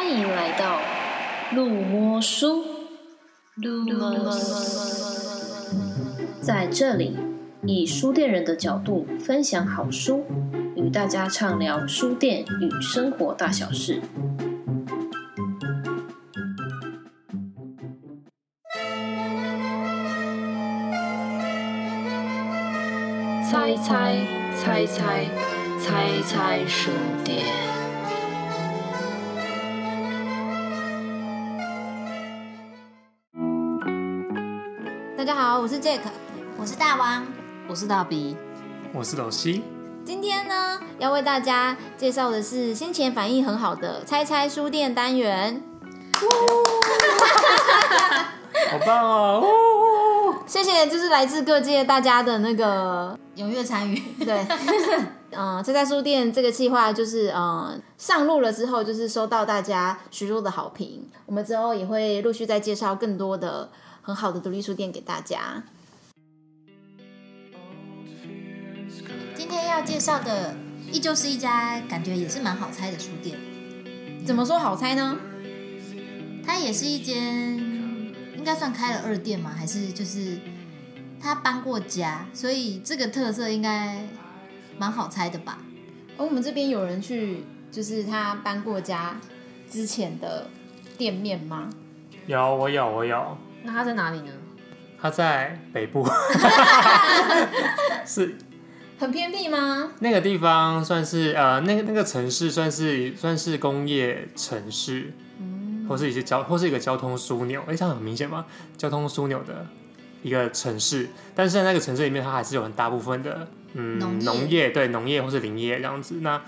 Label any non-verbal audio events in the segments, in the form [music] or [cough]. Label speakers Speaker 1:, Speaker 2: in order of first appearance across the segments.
Speaker 1: 歡迎來到路摸書,路摸書。在這裡以書店人的角度分享好書，與大家暢聊書店與生活大小事。猜猜猜猜猜猜書店。我是 Jack，我是大王，
Speaker 2: 我是大 B，我是老西。
Speaker 1: 今天呢，要為大家介紹的是先前反應很好的“猜猜書店”單元。 [laughs] [laughs] [laughs] [laughs]
Speaker 2: 好棒哦！
Speaker 1: [laughs] [laughs] [laughs] 謝謝，就是來自各界大家的那個踴躍參與。 [laughs] 對，嗯，“猜猜書店”這個計劃就是、嗯、上路了之後，就是收到大家許多的好評。我們之後也會陸續再介紹更多的。很好的獨立書店給大家。今天要介紹的依舊是一家感覺也是蠻好猜的書店。怎麼說好猜呢？它也是一間，應該算開了二店嗎？還是就是它搬過家，所以這個特色應該蠻好猜的吧？而我們這邊有人去，就是他搬過家之前的店面嗎？
Speaker 2: 有，我有，我有。那它在哪裡呢？它在北部， [laughs] [laughs] 是，
Speaker 1: 很偏僻嗎？
Speaker 2: 那個地方算是呃，那個那個城市算是算是工業城市，嗯，或是一些交或是一個交通樞紐。哎，這樣很明顯嘛？交通樞紐的一個城市，但是在那個城市裡面，它還是有很大部分的嗯農業，農業，對農業或是林業這樣子。那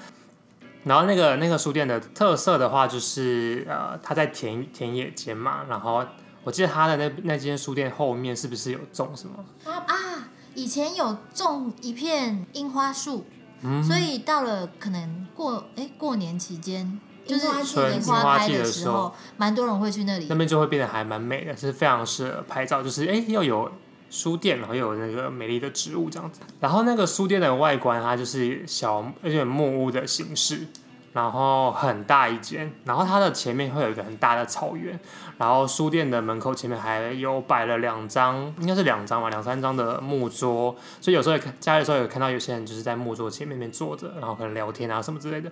Speaker 2: 然後那個那個書店的特色的話，就是呃，它在田田野間嘛，然後。我記得他的那那間書店後面是不是有種什麼？
Speaker 1: 啊，啊以前有種一片櫻花樹、嗯，所以到了可能過哎、欸、過年期間，就是春櫻花季的時候，蠻多人會去那裡，那
Speaker 2: 邊就會變得還蠻美的，就是非常適合拍照。就是哎、欸、要有書店，然後有那個美麗的植物這樣子，然後那個書店的外觀它就是小而且、就是、木屋的形式。然後很大一間，然後它的前面會有一個很大的草原，然後書店的門口前面還有擺了兩張，應該是兩張吧，兩三張的木桌，所以有時候也看，家裡的時候有看到有些人就是在木桌前面面坐着，然後可能聊天啊什麼之類的。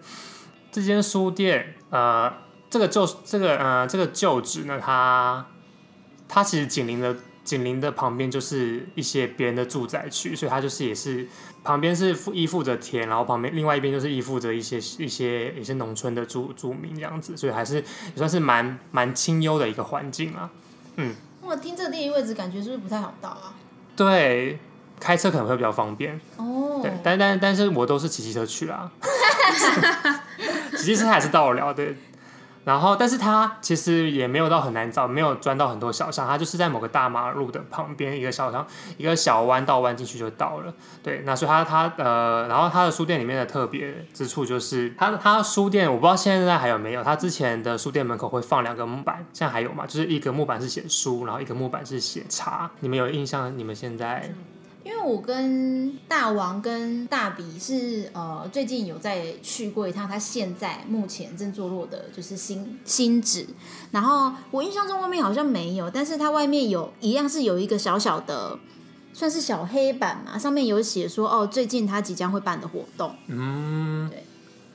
Speaker 2: 這間書店，呃，這個舊這個呃這個舊址呢，它它其實緊鄰着。緊鄰的旁邊就是一些別人的住宅區，所以他就是也是旁邊是依附着田，然後旁邊另外一邊就是依附着一些一些也是農村的住住民這樣子，所以還是也算是蠻蠻清幽的一個環境啊。
Speaker 1: 嗯，我聽這個地理位置感覺是不是不太好到啊？
Speaker 2: 對，開車可能會比較方便哦。Oh. 對，但但但是我都是騎騎車去啊，騎 [laughs] 汽車還是到了的。對然後，但是它其實也沒有到很難找，沒有鑽到很多小巷，它就是在某個大馬路的旁邊一個小巷，一個小彎道彎進去就到了。對，那所以它它呃，然後它的書店裡面的特別之處就是它它書店我不知道現在還有沒有，它之前的書店門口會放兩個木板，現在還有嗎？就是一個木板是寫書，然後一個木板是寫茶。你們有印象？你們現在？
Speaker 1: 因為我跟大王，跟大比是呃，最近有在去過一趟，他現在目前正坐落的，就是新新址。然後我印象中外面好像沒有，但是他外面有一樣是有一個小小的，算是小黑板嘛，上面有寫說哦，最近他即將會辦的活動。嗯，
Speaker 2: 對。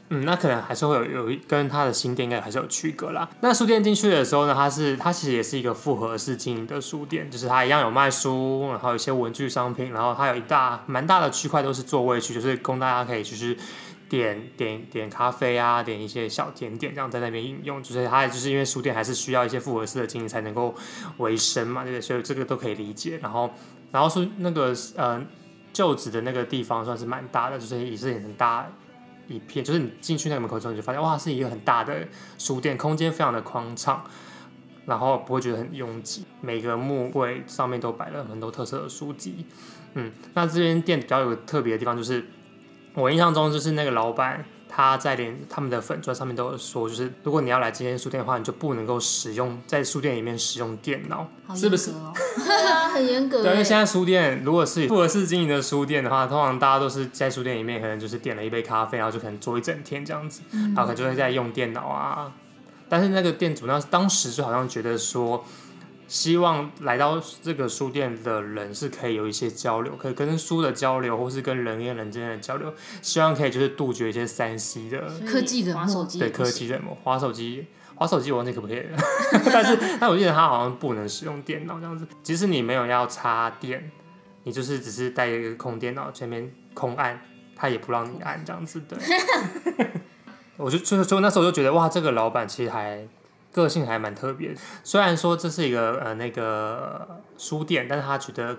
Speaker 2: 嗯，那可能還是會有有跟他的新店應該還是有區隔啦。那書店進去的時候呢，它是它其實也是一個複合式經營的書店，就是它一樣有賣書，然後有些文具商品，然後它有一大蠻大的區塊都是座位區，就是供大家可以就是點點點咖啡啊，點一些小甜點，這樣在那邊飲用。就是它就是因為書店還是需要一些複合式的經營才能夠維生嘛，對，所以這個都可以理解。然後然後是那個呃舊址的那個地方算是蠻大的，就是也是很大。一片就是你進去那個門口之後，你就發現哇，是一個很大的書店，空間非常的寬敞，然後不會覺得很擁擠。每個木櫃上面都擺了很多特色的書籍，嗯，那這邊店比較有個特別的地方就是，我印象中就是那個老闆。他在連他們的粉專上面都有說，就是如果你要來這些書店的話，你就不能夠使用在書店裡面使用電腦，喔，是不是？哈 [laughs] 哈格、
Speaker 1: 欸，很嚴格。對，因為現
Speaker 2: 在書店如果是複合式經營的書店的話，通常大家都是在書店裡面，可能就是點了一杯咖啡，然後就可能坐一整天這樣子，然後可能就會在用電腦啊、嗯。但是那個店主呢，當時就好像覺得說。希望來到這個書店的人是可以有一些交流，可以跟書的交流，或是跟人與人之間的交流。希望可以就是杜絕一些三 C 的手機科技的對科技的麼，滑手機，滑手機忘記可不可以了？ [laughs] [laughs] 但是但我記得他好像不能使用電腦這樣子，即使你沒有要插電，你就是只是帶一個空電腦前面空按，他也不讓你按這樣子。的。 [laughs] 我就所以所以那時候我就覺得哇，這個老闆其實還。個性還蠻特別，雖然說這是一個呃那個書店，但是他覺得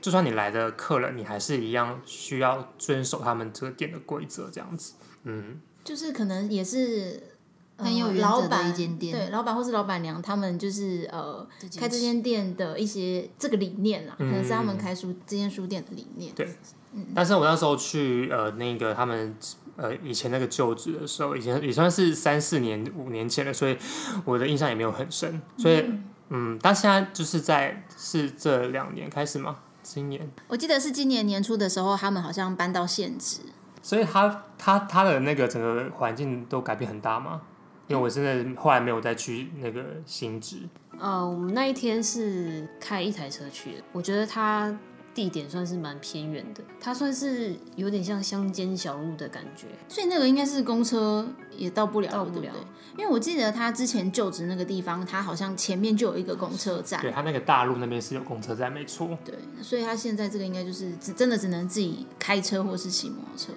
Speaker 2: 就算你來的客人，你還是一樣需要遵守他們這個店的規則，這樣子，嗯，
Speaker 1: 就是可能也是。很有原則的一間店，嗯、老闆對老板或是老板娘，他們就是呃這開這間店的一些這個理念啊、嗯，可能是他們開書、嗯、這間書店的理念。對，嗯、
Speaker 2: 但是我那時候去呃那個他們呃以前那個舊址的時候，以前也算是三四年五年前了，所以我的印象也沒有很深。所以嗯，嗯，但現在就是在是這兩年開始嗎？今年？
Speaker 1: 我記得是今年年初的時候，他們好像搬到現址，
Speaker 2: 所以他他他的那個整個環境都改變很大嗎？因為我現在後來沒有再去那個新址、
Speaker 1: 嗯。呃、嗯，我們那一天是開一台車去的。我覺得它地點算是蠻偏遠的，它算是有點像鄉間小路的感覺。所以那個應該是公車也到不了，到不了。對。因為我記得他之前就職那個地方，他好像前面就有一個公車站。對，他
Speaker 2: 那個大路那邊是有公車站，沒錯。對，
Speaker 1: 所以他現在這個應該就是只真的只能自己開車或是騎摩托車。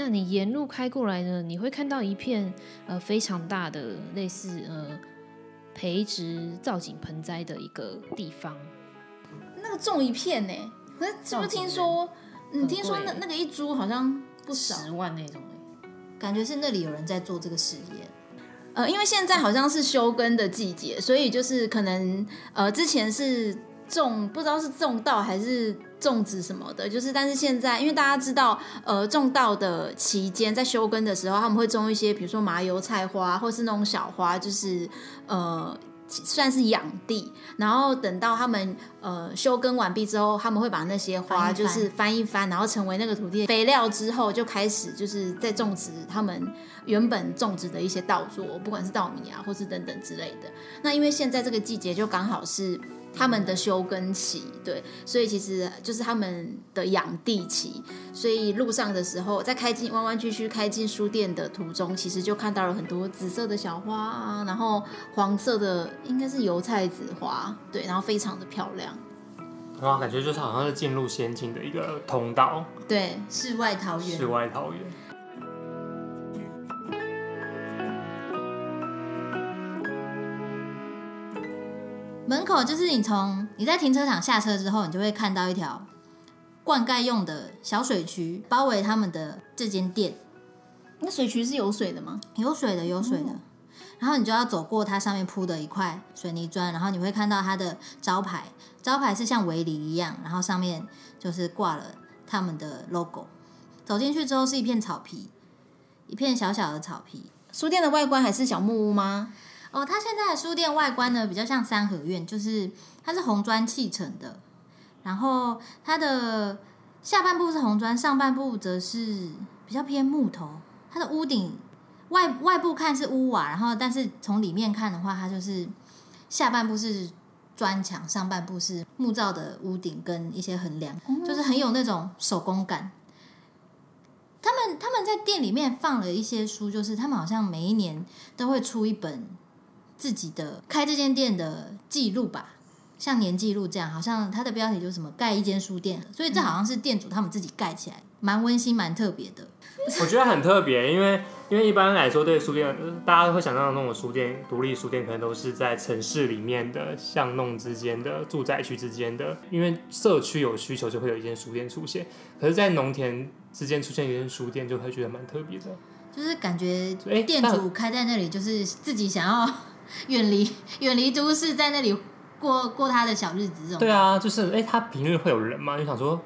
Speaker 1: 那你沿路開過來呢，你會看到一片呃非常大的類似呃培植造景盆栽的一個地方。那個種一片呢、欸？可是是不是聽說你、欸嗯、聽說那那個一株好像不少十萬那種、欸、感覺是那裡有人在做這個事業。呃，因為現在好像是休耕的季節，所以就是可能呃之前是種不知道是種稻還是。種植什麼的，就是，但是現在，因為大家知道，呃，種稻的期間在休耕的時候，他們會種一些，比如說麻油菜花，或是那種小花，就是呃，算是養地。然後等到他們呃休耕完畢之後，他們會把那些花翻一翻，就是翻一翻，然後成為那個土地肥料之後，就開始就是在種植他們原本種植的一些稻作，不管是稻米啊，或是等等之類的。那因為現在這個季節就剛好是。他們的休耕期，對，所以其實就是他們的養地期。所以路上的時候，在開進彎彎曲曲開進書店的途中，其實就看到了很多紫色的小花啊，然後黃色的應該是油菜籽花，對，然後非常的漂亮。
Speaker 2: 哇、啊，感覺就是好像是進入仙境的一個通道，
Speaker 1: 對，世外桃源，世
Speaker 2: 外桃源。
Speaker 1: 門口就是你從你在停車場下車之後，你就會看到一條灌溉用的小水渠，包圍他們的這間店。那水渠是有水的嗎？有水的，有水的。哦。然後你就要走過它上面鋪的一塊水泥磚，然後你會看到它的招牌，招牌是像圍籬一樣，然後上面就是掛了他們的 logo。走進去之後是一片草皮，一片小小的草皮。書店的外觀還是小木屋嗎？哦，他現在的書店外觀呢，比較像三合院，就是它是紅磚砌成的，然後它的下半部是紅磚，上半部則是比較偏木頭。它的屋頂外外部看是屋瓦，然後但是從裡面看的話，它就是下半部是磚牆，上半部是木造的屋頂跟一些橫梁，嗯嗯，就是很有那種手工感。他們他們在店裡面放了一些書，就是他們好像每一年都會出一本。自己的開這間店的記錄吧，像年記錄這樣，好像它的標題就是什麼“蓋一間書店”，所以這好像是店主他們自己蓋起來，蠻溫馨、蠻特別的。
Speaker 2: 我覺得很特別，因為因為一般來說，對書店，呃，大家會想到那種書店，獨立書店可能都是在城市裡面的巷弄之間的住宅區之間的，因為社區有需求就會有一間書店出現。可是，在農田之間出現一間書店，就會覺得蠻特別的。
Speaker 1: 就是感覺店主開在那裡，就是自己想要遠離遠離都市，在那裡過過他的小日子，這種。對啊，
Speaker 2: 就是哎、欸，他平日會有人嗎？就想說，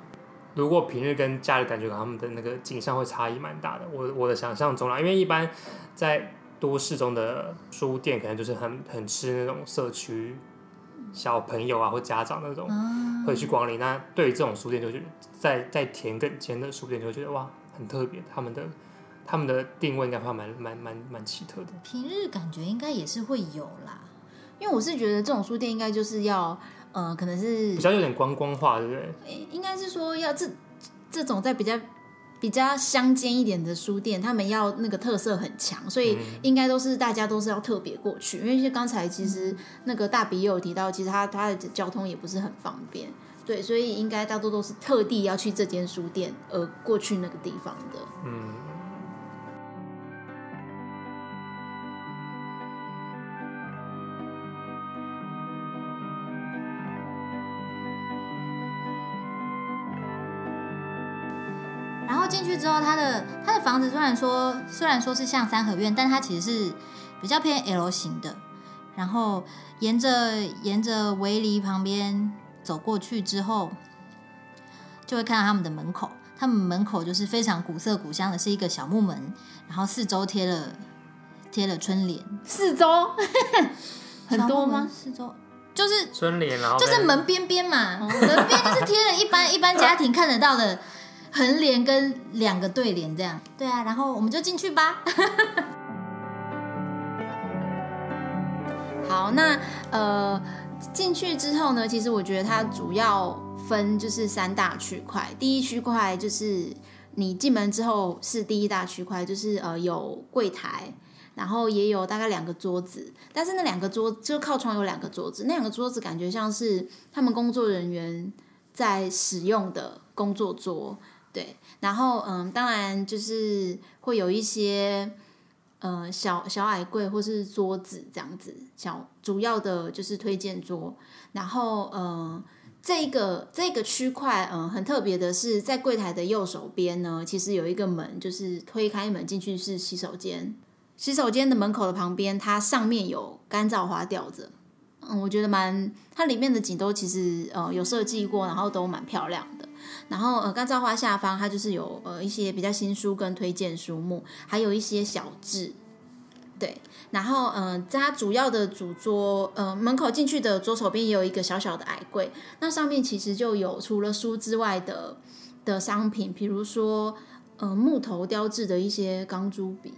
Speaker 2: 如果平日跟家裡感覺他們的那個景象會差異蠻大的。我我的想象中啦，因為一般在都市中的書店，可能就是很很吃那種社區小朋友啊，或家長那種會去光臨、嗯。那對於這種書店，就覺得在在田埂間的書店，就會覺得哇，很特別。他們的他們的定位應該還蠻蠻蠻蠻奇特的。
Speaker 1: 平日感覺應該也是會有啦，因為我是覺得這種書店應該就是要，呃，可能是比較有點
Speaker 2: 觀光化，對不對？應
Speaker 1: 應該是說要這這種在比較比較鄉間一點的書店，他們要那個特色很強，所以應該都是大家都是要特別過去、嗯。因為就剛才其實那個大筆也有提到，其實他他的交通也不是很方便，對，所以應該大多都是特地要去這間書店而過去那個地方的，嗯。之後，他的他的房子雖然說雖然說是像三合院，但他其實是比較偏 L 型的。然後沿着沿着圍籬旁邊走過去之後，就會看到他們的門口。他們門口就是非常古色古香的，是一個小木門，然後四周貼了貼了春聯。四周 [laughs] 很多嗎？四周就是
Speaker 2: 春聯啊，就是
Speaker 1: 門邊邊嘛，哦，門邊就是貼了一般 [laughs] 一般家庭看得到的。橫聯跟兩個對聯這樣，對啊，然後我們就進去吧。 [laughs] 好，那呃，進去之後呢，其實我覺得它主要分就是三大區塊。第一區塊就是你進門之後是第一大區塊，就是呃有櫃檯，然後也有大概兩個桌子，但是那兩個桌就是就靠窗有兩個桌子，那兩個桌子感覺像是他們工作人員在使用的工作桌。對，然後嗯，當然就是會有一些，呃、嗯，小小矮櫃或是桌子這樣子，小主要的就是推薦桌。然後嗯，這個這個區塊嗯很特別的是，在櫃檯的右手邊呢，其實有一個門，就是推開一門進去是洗手間。洗手間的門口的旁邊，它上面有乾燥花吊着。嗯，我覺得蠻，它裡面的景都其實呃、嗯，有設計過，然後都蠻漂亮。然後呃，乾燥花下方它就是有呃一些比較新書跟推薦書目，還有一些小志，對。然後嗯、呃，在它主要的主桌呃門口進去的左手邊也有一個小小的矮櫃，那上面其實就有除了書之外的的商品，比如說呃木頭雕制的一些鋼珠筆，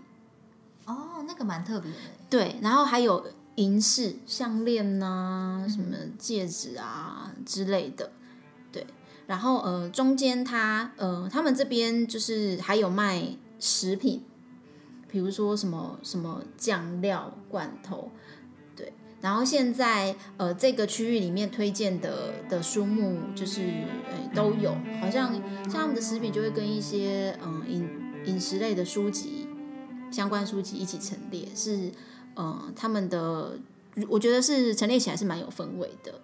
Speaker 1: 哦，那個蠻特別的。對，然後還有銀飾、項鏈吶、啊，什麼戒指啊之類的。然後呃，中間他呃，他們這邊就是還有賣食品，比如說什麼什麼醬料罐頭，對。然後現在呃，這個區域裡面推薦的的書目就是呃、欸、都有，好像像他們的食品就會跟一些嗯、呃、飲飲食類的書籍相關書籍一起陳列，是呃他們的我覺得是陳列起來是蠻有氛圍的。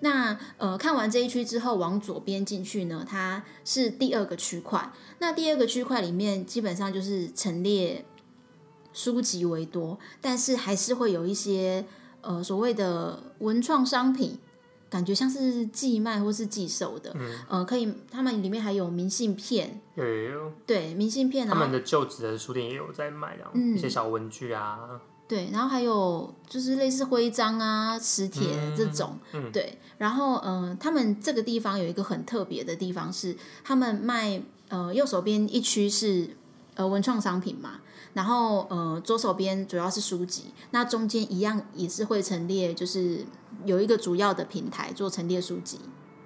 Speaker 1: 那呃，看完這一區之後，往左邊進去呢，它是第二個區塊。那第二個區塊裡面基本上就是陳列書籍為多，但是還是會有一些呃所謂的文創商品，感覺像是寄賣或是寄售的。嗯。呃，可以，他們裡面還有明信片。有
Speaker 2: 有有。
Speaker 1: 對，明信片啊。他們的
Speaker 2: 舊址的書店也有在賣啊，然後，嗯，一些小文具啊。
Speaker 1: 對，然後還有就是類似徽章啊、磁鐵這種，嗯嗯，對。然後，嗯、呃，他們這個地方有一個很特別的地方是，他們賣呃右手邊一區是呃文創商品嘛，然後呃左手邊主要是書籍，那中間一樣也是會陳列，就是有一個主要的平台做陳列書籍。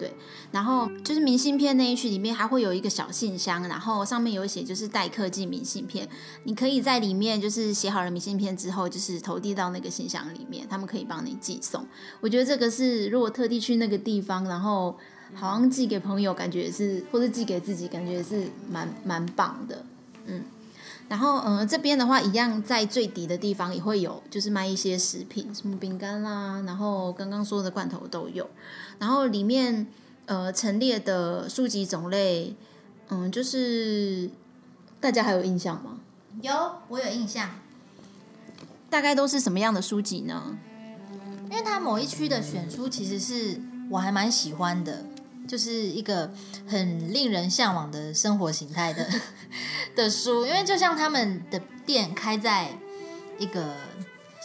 Speaker 1: 對，然後就是明信片那一區裡面還會有一個小信箱，然後上面有寫就是代客寄明信片，你可以在裡面就是寫好了明信片之後，就是投遞到那個信箱裡面，他們可以幫你寄送。我覺得這個是如果特地去那個地方，然後好像寄給朋友，感覺也是，或者寄給自己，感覺也是蠻蠻棒的，嗯。然後，嗯、呃，這邊的話，一樣在最底的地方也會有，就是賣一些食品，什麼餅乾啦、啊，然後剛剛說的罐頭都有。然後裡面，呃，陳列的書籍種類，嗯、呃，就是大家還有印象嗎？有，我有印象。大概都是什麼樣的書籍呢？因為它某一區的選書，其實是我還蠻喜歡的。就是一個很令人嚮往的生活形態的 [laughs] 的書，因為就像他們的店開在一個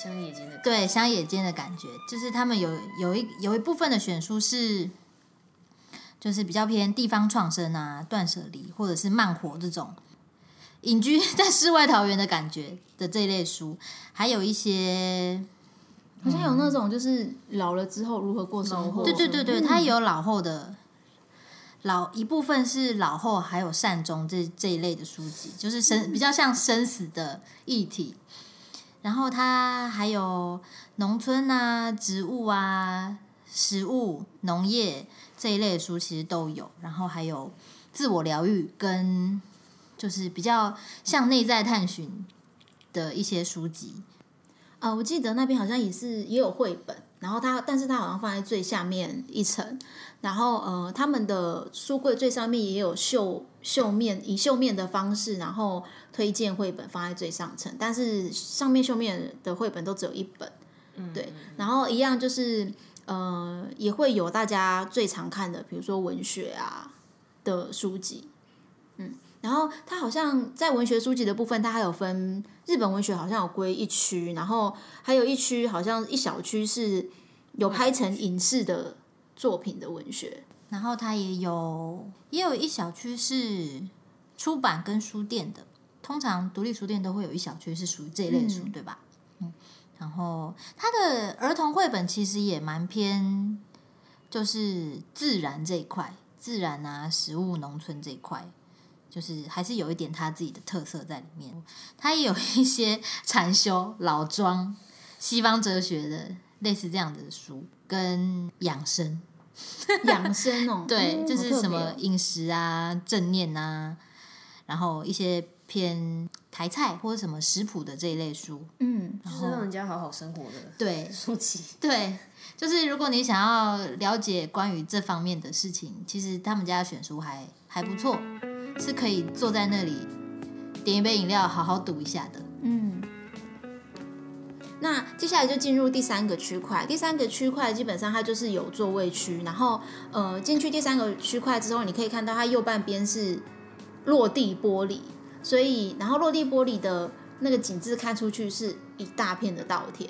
Speaker 1: 鄉野間的，對鄉野間的感覺，就是他們有有一有一部分的選書是就是比較偏地方創生啊、斷舍離或者是慢活這種、嗯、隱居在世外桃源的感覺的這一類書，還有一些、嗯、好像有那種就是老了之後如何過生活，嗯、對對對對，他也、嗯、有老後的。老一部分是老後還有善終這這一類的書籍，就是生比較像生死的議題。然後它還有農村啊、植物啊、食物、農業這一類的書，其實都有。然後還有自我療癒跟就是比較像內在探尋的一些書籍。啊、呃，我記得那邊好像也是也有繪本，然後它，但是它好像放在最下面一層。然後呃，他們的書櫃最上面也有秀秀面，以秀面的方式，然後推薦繪本放在最上層。但是上面秀面的繪本都只有一本，嗯，對。然後一樣就是呃，也會有大家最常看的，比如說文學啊的書籍，嗯。然後他好像在文學書籍的部分，他還有分日本文學，好像有歸一區，然後還有一區，好像一小區是有拍成影視的，嗯。作品的文學，然後他也有也有一小區是出版跟書店的，通常獨立書店都會有一小區是屬於這一類書，嗯、對吧？嗯，然後他的兒童繪本其實也蠻偏，就是自然這一塊，自然啊、食物、農村這一塊，就是還是有一點他自己的特色在裡面。他也有一些禪修、老莊、西方哲學的。類似這樣的書，跟養生，養 [laughs] 生哦、喔，對、嗯，就是什麼飲食啊，啊、正念啊，然後一些偏台菜或者什麼食譜的這一類書，嗯，就是讓人家好好生活的，對書籍，對，就是如果你想要了解關於這方面的事情，其實他們家的選書還還不錯，是可以坐在那裡點一杯飲料，好好讀一下的，嗯。那接下來就進入第三個區塊，第三個區塊基本上它就是有座位區，然後呃進去第三個區塊之後，你可以看到它右半邊是落地玻璃，所以然後落地玻璃的那個景致看出去是一大片的稻田，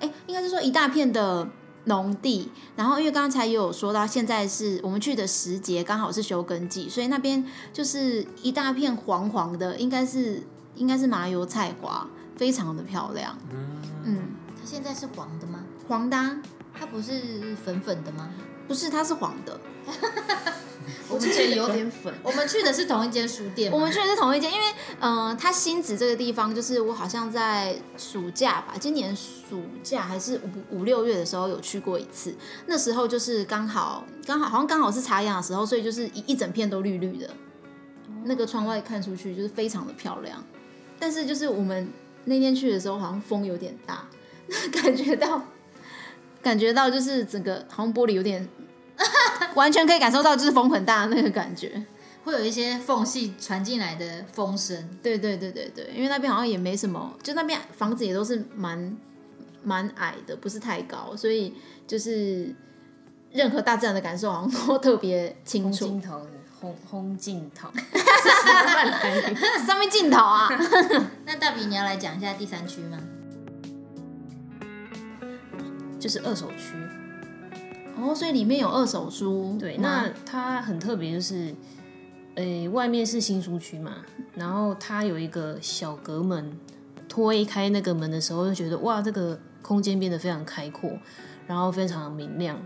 Speaker 1: 哎、欸、應該是說一大片的農地，然後因為剛才也有說到現在是我們去的時節剛好是休耕季，所以那邊就是一大片黃黃的，應該是應該是麻油菜花。非常的漂亮，嗯，它現在是黃的嗎？黃的、啊，它不是粉粉的嗎？不是，它是黃的。 [laughs] 我們覺得有點粉 [laughs] 我。我們去的是同一間書店。我們去的是同一間，因為嗯、呃，它新址這個地方，就是我好像在暑假吧，今年暑假還是五五六月的時候有去過一次。那時候就是剛好剛好好像剛好是插秧的時候，所以就是一一整片都綠綠的、哦，那個窗外看出去就是非常的漂亮。但是就是我們。那天去的時候，好像風有點大，感覺到感覺到就是整個好像玻璃有點，完全可以感受到就是風很大的那個感覺，會有一些縫隙傳進來的風聲。對對對對對，因為那邊好像也沒什麼，就那邊房子也都是蠻蠻矮的，不是太高，所以就是任何大自然的感受好像都特別清楚。烘鏡頭，上面鏡頭啊？ [laughs] [laughs] 那大比你要來講一下第三區嗎？就是二手區。哦、oh,，所以裡面有二手書。Mm -hmm. 對，那它很特別，就是，誒、欸，外面是新書區嘛，然後它有一個小隔門，推開那個門的時候，就覺得哇，這個空間變得非常開闊，然後非常明亮。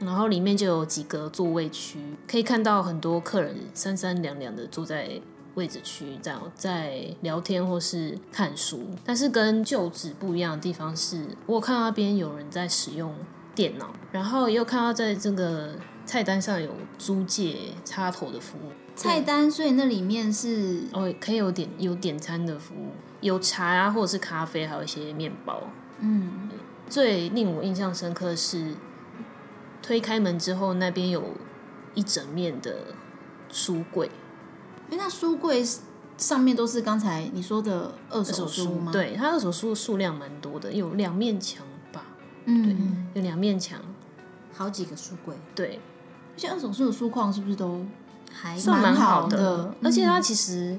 Speaker 1: 然後裡面就有幾個座位區，可以看到很多客人三三兩兩的坐在位置區，這樣在聊天或是看書。但是跟舊址不一樣的地方是，我看到那邊有人在使用電腦，然後又看到在這個菜單上有租借插頭的服務。菜單，所以那裡面是哦，可以有點有點餐的服務，有茶啊，或者是咖啡，還有一些麵包。嗯，最令我印象深刻的是。推開門之後，那邊有一整面的書櫃。為、欸、那書櫃上面都是剛才你說的二手書嗎？對，他二手書數量蠻多的，有兩面牆吧？嗯，嗯對，有兩面牆，好幾個書櫃。對，而且二手書的書況是不是都還算蠻好的？好的。嗯嗯，而且他其實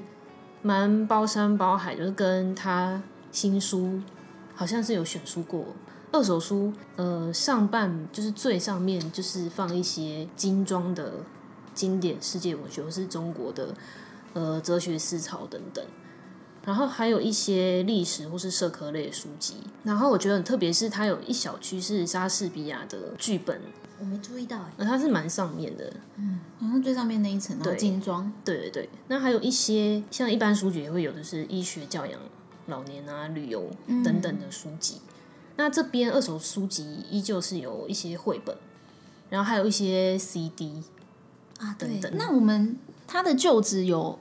Speaker 1: 蠻包山包海，就是跟他新書好像是有選書過。二手書，呃，上半就是最上面，就是放一些精裝的經典世界文學或是中國的，呃，哲學思潮等等，然後還有一些歷史或是社科類的書籍。然後我覺得很特別，是它有一小區是莎士比亞的劇本，我沒注意到、欸，而，它是蠻上面的，嗯，好像最上面那一層，然後精裝，對對對，那還有一些像一般書籍也會有的是醫學、教養、老年啊、旅游等等的書籍。嗯那這邊二手書籍依舊是有一些繪本，然後還有一些 CD 啊，對，等等。那我們他的舊址有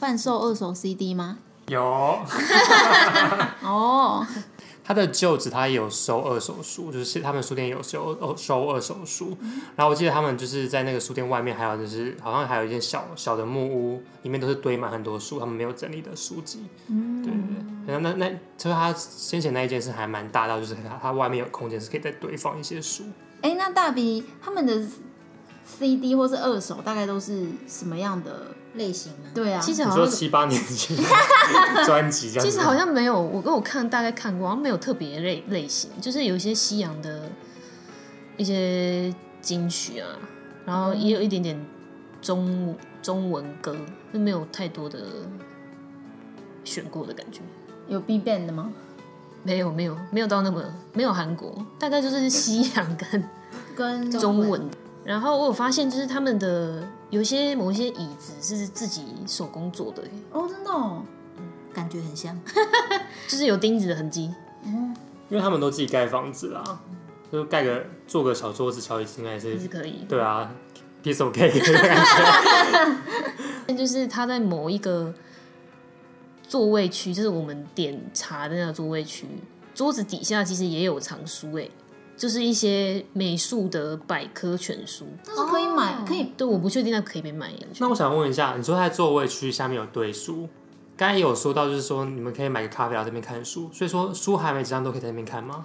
Speaker 1: 販售二手 CD 嗎？
Speaker 2: 有。
Speaker 1: [laughs] [laughs]
Speaker 2: 哦。他的舊址他也有收二手書，就是他們書店有收哦，收二手書。嗯。然後我記得，他們就是在那個書店外面，還有就是好像還有一間小小的木屋，裡面都是堆滿很多書，他們沒有整理的書籍。嗯，對對對。那那，就是他先前那一間是還蠻大到，就是他他外面有空間是可以再堆放一些書。
Speaker 1: 哎，那大 B 他們的 CD 或是二手大概都是什麼樣的？類型嗎、啊？對啊，其實好像七
Speaker 2: 八年前專輯， [laughs] [laughs] 這樣其實好像
Speaker 1: 沒有。我跟我看大概看過，好像沒有特別類類型，就是有一些西洋的一些金曲啊，然後也有一點點中中文歌，就沒有太多的選過的感覺。有 Big Bang 的嗎？沒有，沒有，沒有到那麼沒有韓國，大概就是西洋跟中跟中文。然後我有發現就是他們的。有些某一些椅子是自己手工做的，哦，真的、哦、嗯，感覺很像， [laughs] 就是有釘子的痕跡、嗯。
Speaker 2: 因為他們都自己蓋房子啊，就蓋個做個小桌子、小椅子，應該是可以，對啊，piece of
Speaker 1: cake，那就是他在某一個座位區，就是我們點茶的那個座位區，桌子底下其實也有藏書誒。就是一些美術的百科全書，但是可以買，哦、可以，對，我不確定那可以被買。
Speaker 2: 那我想問一下，你說在座位區下面有堆書，剛才也有說到，就是說你們可以買個咖啡在那邊看書，所以說書還沒結賬都可以在那邊看嗎？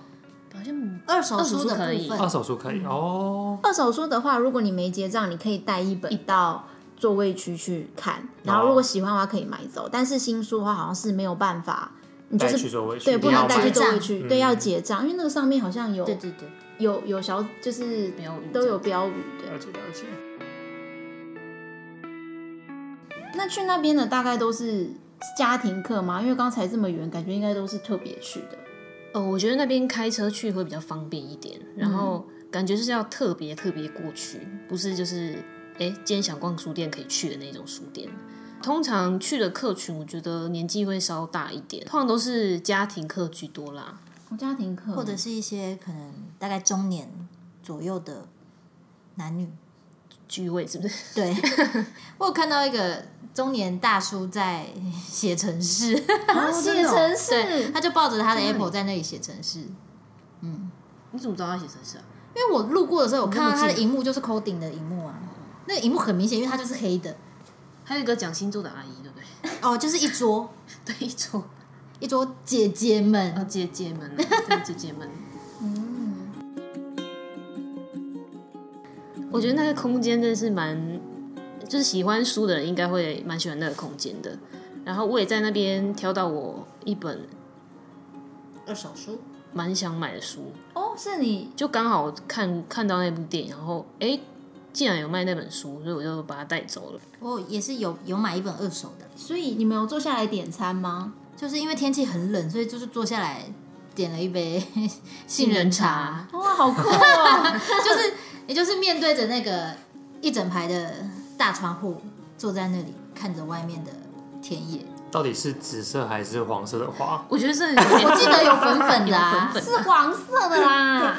Speaker 1: 好像二手
Speaker 2: 書可以，二手書可
Speaker 1: 以、嗯、哦。二手書的話，如果你沒結賬，你可以帶一本到座位區去看，然後如果喜歡的話可以買走，哦、但是新書的話好像是沒有辦法。你就是
Speaker 2: 對，去去對，不能帶去周圍去，對，要
Speaker 1: 結賬、嗯，因為那個上面好像有，對對對，有有小就是都有標語，對。就了解了解、嗯。那去那邊的大概都是家庭客嗎？因為剛才這麼遠，感覺應該都是特別去的、哦。我覺得那邊開車去會比較方便一點，然後感覺就是要特別特別過去、嗯，不是就是哎、欸，今天想逛書店可以去的那種書店。通常去的客群，我覺得年紀會稍大一點，通常都是家庭客居多啦。家庭客，或者是一些可能大概中年左右的男女聚會，是不是？對， [laughs] 我有看到一個中年大叔在寫程式， [laughs] 寫程式， [laughs] 他就抱着他的 Apple 在那裡寫程式。嗯，你怎麼知道他寫程式啊？因為我路過的時候，我看到他的螢幕就是 coding 的螢幕啊，
Speaker 2: 那個螢幕很明顯，因為它就是黑
Speaker 1: 的。還有一個講星座的阿姨，對不對？哦，就是一桌， [laughs] 對一桌，一桌姐姐們，哦、姐姐們、啊，姐姐們。嗯， [laughs] 我覺得那個空間真的是蠻，就是喜歡書的人應該會蠻喜歡那個空間的。然後我也在那邊挑到我一本二手書，蠻想買的書。哦，是你就剛好看看到那部電影，然後哎。誒竟然有賣那本書，所以我就把它帶走了。我也是有有買一本二手的。所以你們有坐下來點餐嗎？就是因為天氣很冷，所以就是坐下來點了一杯杏仁茶。哇、哦，好酷啊、哦！ [laughs] 就是也就是面對着那個一整排的大窗戶，坐在那裡看着外面的
Speaker 2: 田野。到底是紫色還是黃色的花？我
Speaker 1: 覺得是， [laughs] 我記得有粉粉的啊，啊，是黃色的啦、啊。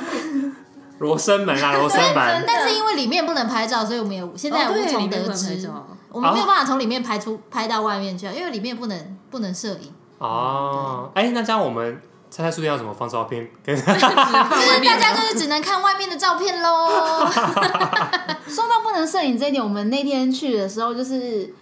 Speaker 1: [laughs]
Speaker 2: 羅生門啦，啊，羅生門。 [laughs] 但
Speaker 1: 是因為裡面不能拍照，所以我們也現在無從得知，哦。我們沒有辦法從裡面拍出，啊、拍到外面去，因為裡面不能不能攝影。
Speaker 2: 哦，哎，欸，那這樣我們猜猜書店要怎麼放照片 [laughs] ？
Speaker 1: 就是大家就是只能看外面的照片嘍。 [laughs] 說到不能攝影這一點，我們那天去的時候就是。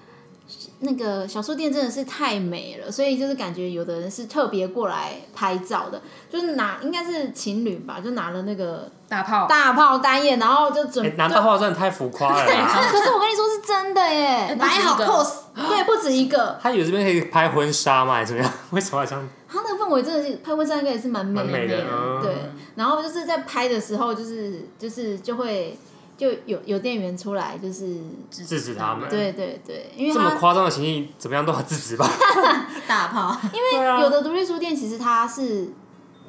Speaker 1: 那個小書店真的是太美了，所以就是感覺有的人是特別過來拍照的，就是拿應該是情侶吧，就拿了那個大炮大炮單
Speaker 2: 眼，然後就準備、欸、拿大炮真的太浮誇了、啊 [laughs] 對。可是
Speaker 1: 我跟你說是真的耶，擺、欸、好 pose，對，不止一個。
Speaker 2: 他以為這邊可以拍婚紗嘛，還是怎麼樣？為什麼好像
Speaker 1: 他那個氛圍真的是拍婚紗應該也是蠻美的，滿美的。對，然後就是在拍的時候、就是，就是就是就會。就有有店員出來，就是制
Speaker 2: 止，制止他們。對
Speaker 1: 對對，因為這麼誇
Speaker 2: 張的行徑，怎麼樣都要制止吧。
Speaker 1: [laughs] 大炮，因為有的獨立書店其實它是，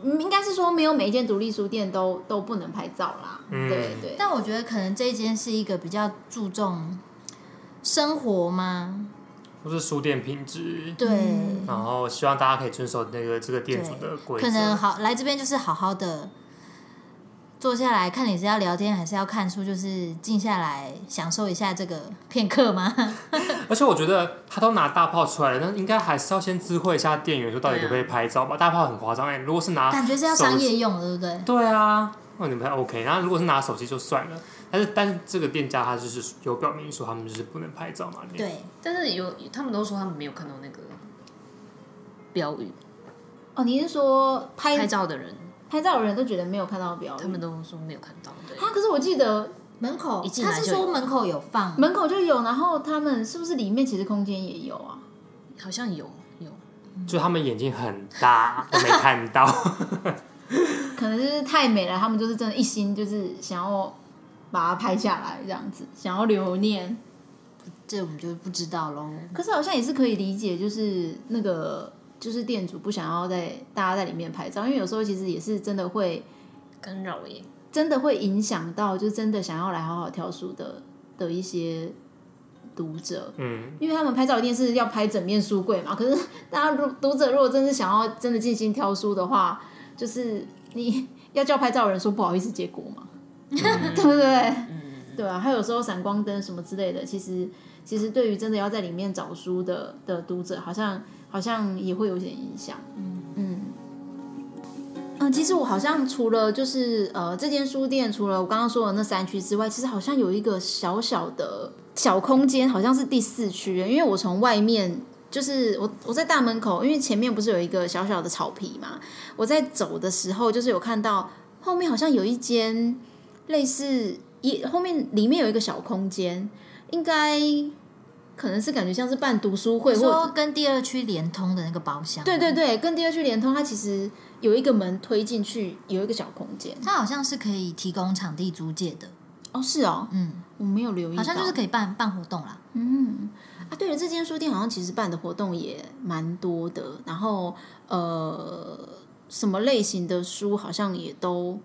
Speaker 1: 應該是說沒有每一間獨立書店都都不能拍照啦。嗯、對，對對，但我覺得可能這一間是一個比較注重生活嗎？
Speaker 2: 不是書店品質，對、嗯。然後希望大家可以遵守那個這個店主的規則。可能
Speaker 1: 好來這邊就是好好的。坐下來看你是要聊天還是要看書，就是靜下來享受一下這個片刻嗎？
Speaker 2: [laughs] 而且我覺得他都拿大炮出來了，那應該還是要先知會一下店員說到底可不可以拍照吧？啊、大炮很誇張哎，如果是拿感覺是要商業
Speaker 1: 用對不對？對啊，那、嗯、
Speaker 2: 你們還 OK。然後如果是拿手機就算了，但、嗯、是但是這個店家他就是有表明說他們就是不能拍照嘛？對，
Speaker 1: 但是有他們都說他們沒有看到那個標語。哦，你是說拍,拍照的人？拍照的人都覺得沒有看到表，他們都說沒有看到。對、啊、可是我記得門口，他是說門口有放、啊，門口就有，然後他們是不是裡面其實空間也有啊？好像有有，
Speaker 2: 就他們眼睛很大， [laughs] 我沒看到。
Speaker 1: [laughs] 可能就是太美了，他們就是真的，一心就是想要把它拍下來，這樣子想要留念、嗯。這我們就不知道嘍、嗯。可是好像也是可以理解，就是那個。就是店主不想要在大家在裡面拍照，因為有時候其實也是真的會干擾，也真的會影響到，就真的想要來好好挑書的的一些讀者，嗯，因為他們拍照一定是要拍整面書櫃嘛。可是大家如讀者如果真的想要真的進行挑書的話，就是你要叫拍照人說不好意思，結果嘛，嗯、 [laughs] 對不對？對啊。還有有時候閃光燈什麼之類的，其實其實對於真的要在裡面找書的的讀者，好像。好像也會有點影響，嗯嗯嗯、呃，其實我好像除了就是呃，這間書店除了我剛剛說的那三區之外，其實好像有一個小小的小空間，好像是第四區，因為我從外面就是我我在大門口，因為前面不是有一個小小的草皮嘛，我在走的時候就是有看到後面好像有一間類似一後面裡面有一個小空間，應該。可能是感覺像是辦讀書會，或者說跟第二區連通的那個包廂。對對對，跟第二區連通，它其實有一個門推進去，有一個小空間，它好像是可以提供場地租借的。哦，是哦，嗯，我沒有留意，好像就是可以辦辦活動啦。嗯，嗯，嗯啊，對了，這間書店好像其實辦的活動也蠻多的，然後呃，什麼類型的書好像也都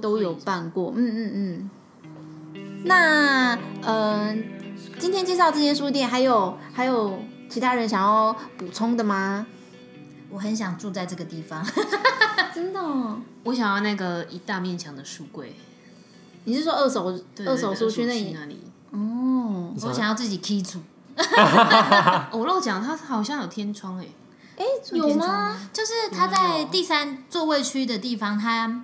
Speaker 1: 都有辦過。嗯嗯嗯，那嗯。呃今天介紹這間書店，還有還有其他人想要補充的嗎？我很想住在這個地方， [laughs] 真的、哦。我想要那個一大面牆的書櫃。你是說二手對對對對二手書區那裡？那裡。哦、嗯，我想要自己 keep 住我漏講，它、 [laughs] [laughs] [laughs] [laughs] 哦、好像有天窗哎。有嗎？就是它在第三座位區的地方，它。他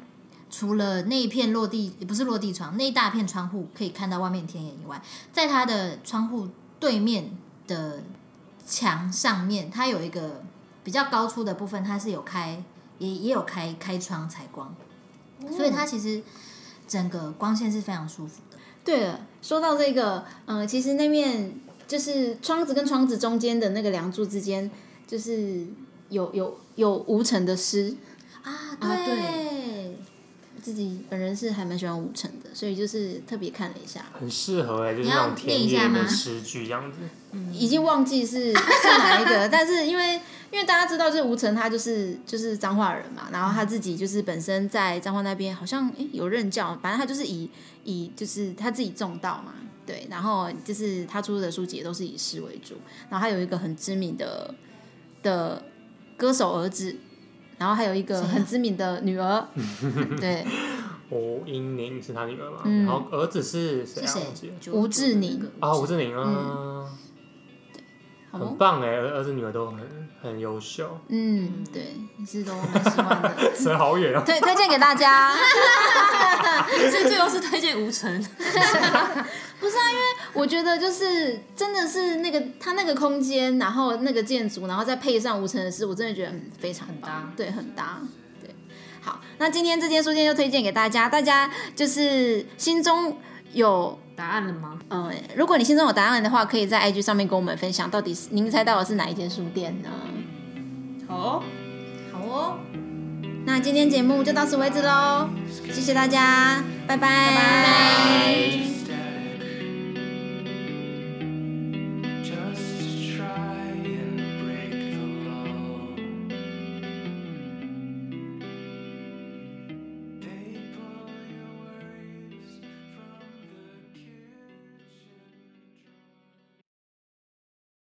Speaker 1: 除了那一片落地，也不是落地窗，那一大片窗戶可以看到外面田野以外，在它的窗戶對面的牆上面，它有一個比較高出的部分，它是有開，也也有開開窗採光、嗯，所以它其實整個光線是非常舒服的。對了，說到這個，嗯、呃，其實那面就是窗子跟窗子中間的那個梁柱之間，就是有有有無塵的詩啊對。啊對自己本人是還蠻喜歡吳晟的，所以就是特別看了一下，
Speaker 2: 很適合哎、欸，就是這種田園的詩句樣子，嗯，已
Speaker 1: 經忘記是是哪一個， [laughs] 但是因為因為大家知道就是吳晟他就是就是彰化人嘛，然後他自己就是本身在彰化那邊好像哎、欸、有任教，反正他就是以以就是他自己種稻嘛，對，然後就是他出的書籍也都是以詩為主，然後他有一個很知名的的歌手兒子。然後還有一個很知名的女兒，啊、對，
Speaker 2: 吳、哦、音寧是他女兒嘛、嗯？然後兒子是誰？吳、啊、志、就是
Speaker 1: 那個啊、寧，寧啊，吳
Speaker 2: 志寧啊，很棒哎、欸，兒子女兒都很很優秀。嗯，對，一直都
Speaker 1: 很喜歡
Speaker 2: 的，誰 [laughs] 好遠啊、哦？對，
Speaker 1: 推，推薦給大家， [laughs] [laughs] 所以最後是推薦吳晟， [laughs] [laughs] [laughs] 不是啊，因為。 [noise] [noise] 我覺得就是真的是那個它那個空間，然後那個建築，然後再配上吳承恩的詩，我真的覺得非常搭、嗯，對，很搭，對。好，那今天這間書店就推薦給大家，大家就是心中有答案了嗎？嗯，如果你心中有答案的話，可以在 IG 上面跟我們分享，到底是您猜到的是哪一間書店呢？好、哦，好哦。那今天節目就到此為止嘍， [noise] 謝謝大家， [noise] 拜拜。拜拜拜拜。